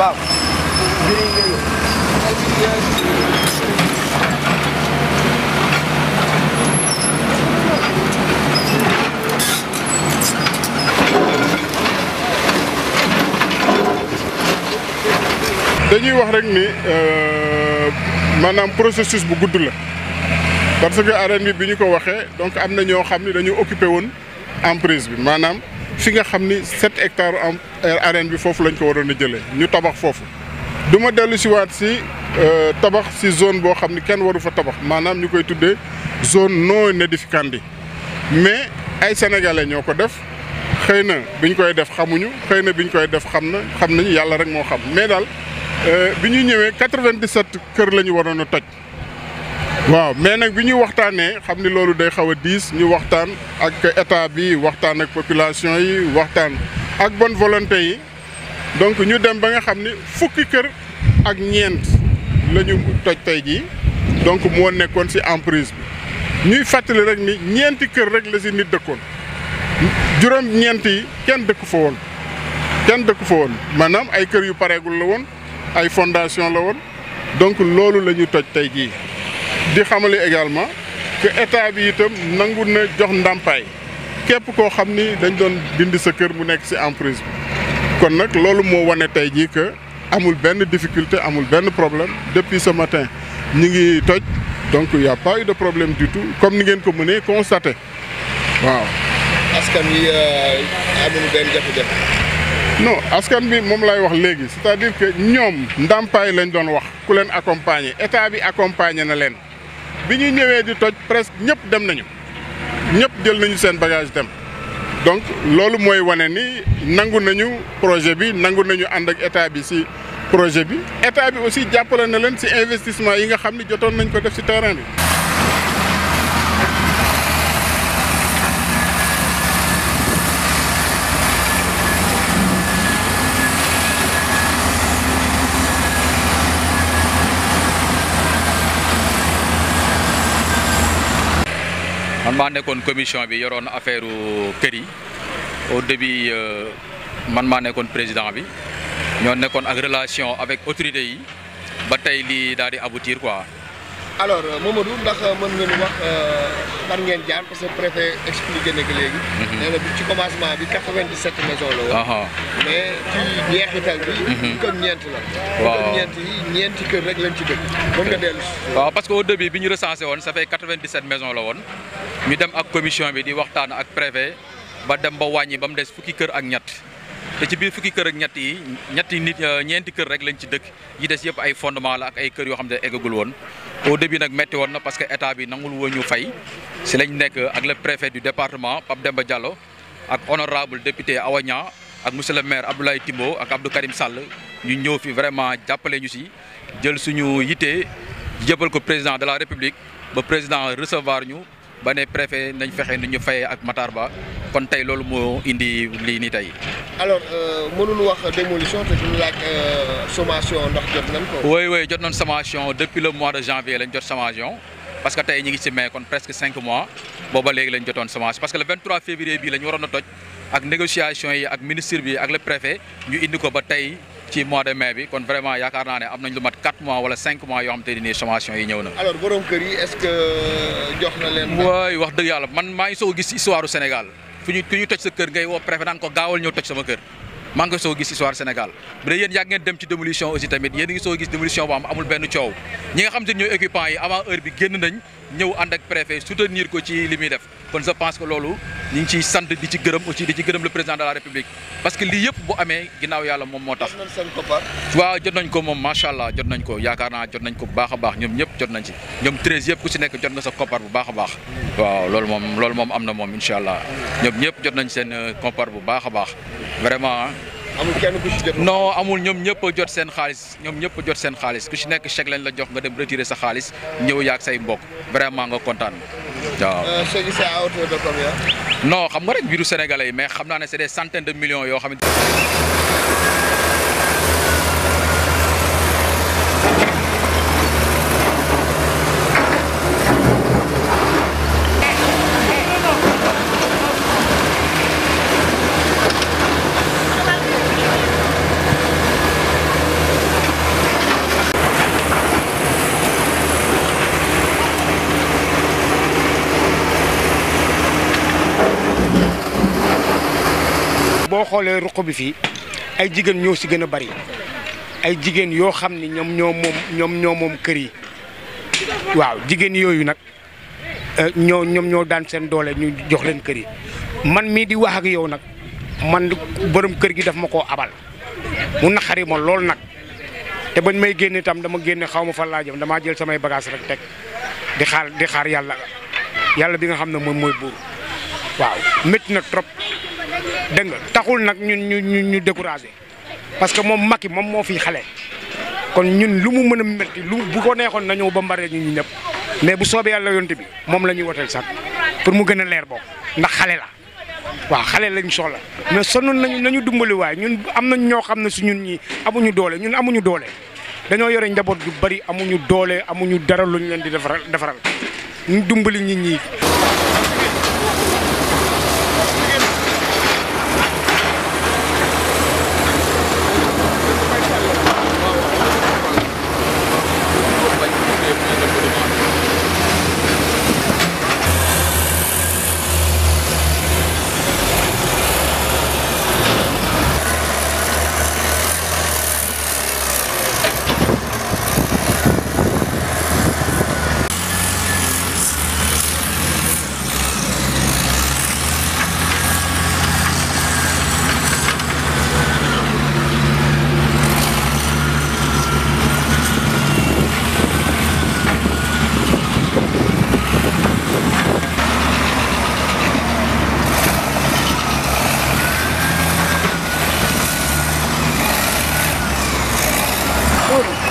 waaw dañuy wax rek ni euh, maanaam processus bu gudd la parce que arène bi bi ñu ko waxee donc am na ñoo xam ni dañu occupé woon emprise bi maanaam fi nga xam ni sept hectares am euh, arène bi foofu lañ ko waroon a jëlee ñu tabax foofu du ma dellu si waat si euh, tabax si zone boo xam ni kenn waru fa tabax maanaam ñu koy tuddee zone non aedificandi mais ay sénégalais ñoo ko def xëy na biñ koy def xamuñu xëy na biñ koy def xam na xam nañu yàlla rek moo xam mais daal euh, bi ñu ñëwee 97 kër la ñu waroon a toj. waaw mais nag bi ñuy waxtaanee xam ni loolu day xaw a diis ñu waxtaan ak état bi waxtaan ak population yi waxtaan ak bon volonté yi donc ñu dem ba nga xam ni fukki kër ak ñeent la ñu toj tey jii donc moo nekkoon ci emprise bi ñuy fàttali rek ni ñeenti kër rek la si nit dëkkoon juróom ñeenti kenn dëkku fa woon kenn dëkku fa woon maanaam ay kër yu pareegul la woon ay fondation la woon donc loolu la ñu toj tey jii di xamale également que état bi itam nangu na jox ndàmpaay képp koo xam ni dañ doon dindi sa kër bu nekk ci emprise bi kon nag loolu moo wane tey jii que amul benn difficulté amul benn problème depuis sa matin ñi ngi toj donc y a de problème du tout comme ni ngeen ko ne constaté waaw. askan wi euh, amul benn jafe-jafe. non askan bi moom lay wax léegi c'est-à-dire que ñoom ndàmpaay lañ doon wax ku leen accompagner état bi accompagner na leen. bi ñuy ñëwee di toj presque ñëpp dem nañu ñëpp jël nañu seen bagage dem donc loolu mooy wane ni nangu nañu projet bi nangu nañu ànd ak état bi ci projet bi état bi aussi jàppale na leen ci investissement yi nga xam ni jotoon nañ ko def ci terrain bi maa nekkoon commission bi yoroon affaire kër yi au début euh, man maa nekkoon président bi ñoo nekkoon ak relation avec autorité yi ba tey lii daal di aboutir quoi. alors euh, Mamadou ndax man nga ñu wax euh, fan ngeen jaar parce que préfet expliqué na léegi. Mhm. ci commencement bi 97 maisons la woon. mais ci jeexital bi. fukk mhm. ak ñeent la. waaw parce que au bi ñu recensé woon ça fait 97 maisons la woon. ñu dem ak commission bi di waxtaan ak préfet ba dem ba wàññi ba mu des fukki kër ak ñett te ci biir fukki kër ak ñett yi ñetti nit euh, ñeenti kër rek lañ ci dëkk yi des yëpp ay fondement la ak ay kër yoo xam ne eggagul woon au début nag metti woon na parce que état bi nangul woon ñu fay si lañ nekk ak le préfet du département Pape Demba Diallo ak honorable député awaña ak monsieur le maire Abdoulaye Timbo ak Abdou Karim Sall ñu ñëw fi vraiment jàppale ñu si jël suñu yitte jëbal ko président de la république ba président recevoir ñu ba ne préfet nañ fexe nu ñu fayee ak Matar Ba kon tey loolu moo indi lii nii tey. alors euh, mënul wax démolition te duñu laaj euh, sommation ndax jot nañ ko. oui oui jot nañ sommation depuis le mois de janvier lañ jot sommation parce que tey ñu ngi ci mai kon presque cinq mois booba léegi lañ jotoon sommation parce que le 23 février bii la ñu waroon a toj ak négociation yi ak ministre bi ak le préfet ñu indi ko ba tey. ci mois de mais bi kon vraiment yaakaar naa ne am nañ lu mat 4 mois wala 5 mois yoo xam te ne nii sommation yi ñëw na. alors borom kër yi est-ce que euh, jox na leen. waay wax dëgg yàlla man maa ngi soog gis histoire Sénégal fu ñu ku ñu toj sa kër ngay woo préfet naan ko gaawal ñëw toj sama kër. maa ngi soo gis histoire Sénégal bu dee yéen yàgg ngeen dem ci démolition aussi tamit yéen a ngi soo gis démolition bu am amul benn coow ñi xam te ne ñooy occupants yi avant bi génn nañ ñëw ànd ak préfet soutenir ko ci li muy def kon je pense que loolu ñu ngi ciy sant di ci gërëm aussi di ci gërëm le président de la république parce que lii yëpp bu amee ginnaaw yàlla moom moo tax waaw jot nañ ko moom macha allah jot nañ ko yaakaar naa jot nañ ko bu baax a baax ñoom ñëpp jot nañ ci ñoom treize ku si nekk jot nga sa koppar bu baax a baax waaw loolu moom loolu moom am na moom incha allah ñoom ñëpp jot nañ seen euh, koppar bu baax a baax amul kenn ku ci jot non amul ñoom ñëpp a jot seen xaalis ñoom ñëpp a jot seen xaalis ku ci nekk chèque lañ la jox nga dem retirer sa xaalis ñëw yaag say mbokk vraiment nga kontaan waaw. chèque euh, xam nga rek biiru sénégalais yi mais xam naa ne c'est des centaines de million yoo xamante boo xoolee ruq bi fii ay jigéen ñoo si gën a bari ay jigéen yoo xam ni ñoom ñoo moom ñoom ñoo moom kër yi waaw jigéen yooyu nag eh, ñoo ñoom ñoo daan seen doole ñu jox leen kër yi man mii di wax ak yow nag man borom kër gi daf ma ko abal mun na naqari ma lool nag te bañ may génne tam dama génne xaw ma fan laajom jëm damaa jël samay bagage rek teg di xaar di xaar yàlla yàlla bi nga xam ne moom mooy buur waaw metti na trop. dégg nga taxul nag ñun ñu ñu ñu découragé parce que moom Macky moom moo fiy xale kon ñun lu mu mën a métti lu bu ko neexoon na ñëw ba mbaree ñu ñëpp mais bu soobee yàlla yonte bi moom la ñuy woteel sax pour mu gën a leer bokk ndax xale la waaw xale lañ soxla mais sonn nañu nañu dimbali waaye ñun am nañ ñoo xam ne si ñun ñi amuñu doole ñun amuñu doole dañoo yore njaboot yu bari amuñu doole amuñu dara luñ leen di defaral defaral ñu dimbali nit ñi. Tudo.